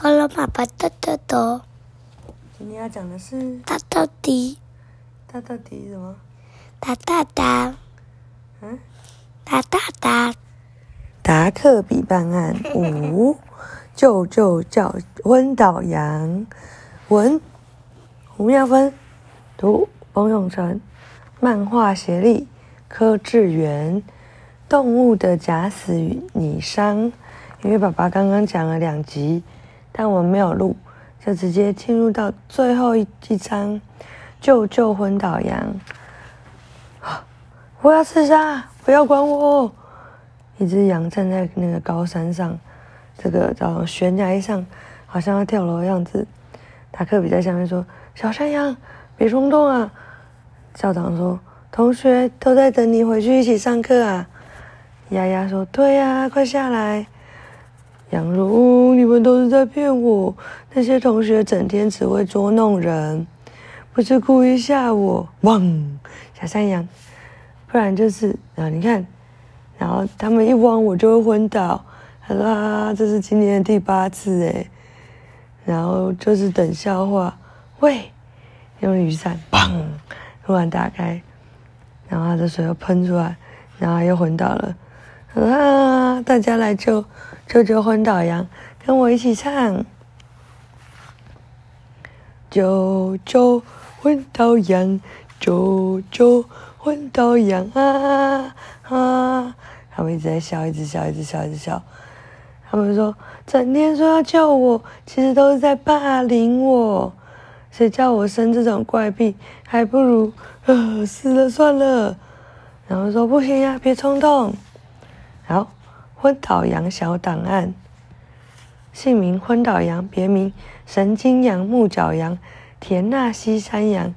Hello 豆豆豆。今天要講的是。豆豆的。豆豆的什麼？達達達。嗯、啊。達達達。達克比辦案五， 救救昏倒羊，文胡妙芬，圖彭永成，漫畫協力柯智元，動物的假死與擬傷，因為爸爸剛剛講了兩集。但我沒有錄，就直接進入到最後一一章，救救昏倒羊！啊、我要自殺，不要管我！一隻羊站在那個高山上，這個叫懸崖上，好像要跳樓的樣子。達克比在下面說：“小山羊，別衝動啊！”校長說：“同學都在等你回去一起上課啊！”丫丫說：“對呀、啊，快下來！”羊肉哦，你們都是在騙我，那些同學整天只會捉弄人，不是故意嚇我。”汪，小山羊，不然就是啊，你看，然後他們一汪我就會昏倒。他、啊、說：“這是今年的第八次誒、欸。然後就是等消化，喂，用雨傘，砰，突然打開，然後他的水又噴出來，然後又昏倒了。啊！大家來救救救昏倒羊，跟我一起唱。救救昏倒羊，救救昏倒羊啊！啊！他們一直在笑，一直笑，一直笑，一直笑。他們說：“整天說要救我，其實都是在霸凌我。誰叫我生這種怪病？還不如，呃，死了算了。”然後說：“不行呀，啊，別衝動。”好，昏倒羊小檔案。姓名：昏倒羊，別名神經羊、木角羊、田納西山羊、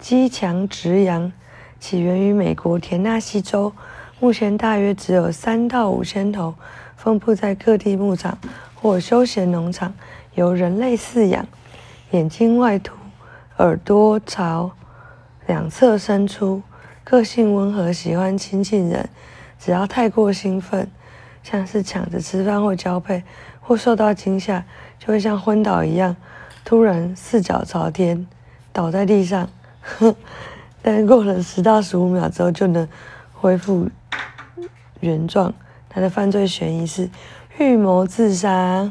肌強直羊。起源於美國田納西州，目前大約只有三到五千頭，分布在各地牧場或休閒農場，由人類飼養。眼睛外凸，耳朵朝兩側伸出，個性溫和，喜歡親近人。只要太過興奮，像是搶着吃飯或交配，或受到驚嚇，就會像昏倒一樣，突然四腳朝天倒在地上。呵，但過了十到十五秒之後，就能恢復原狀。他的犯罪嫌疑是預謀自殺，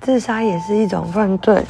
自殺也是一種犯罪。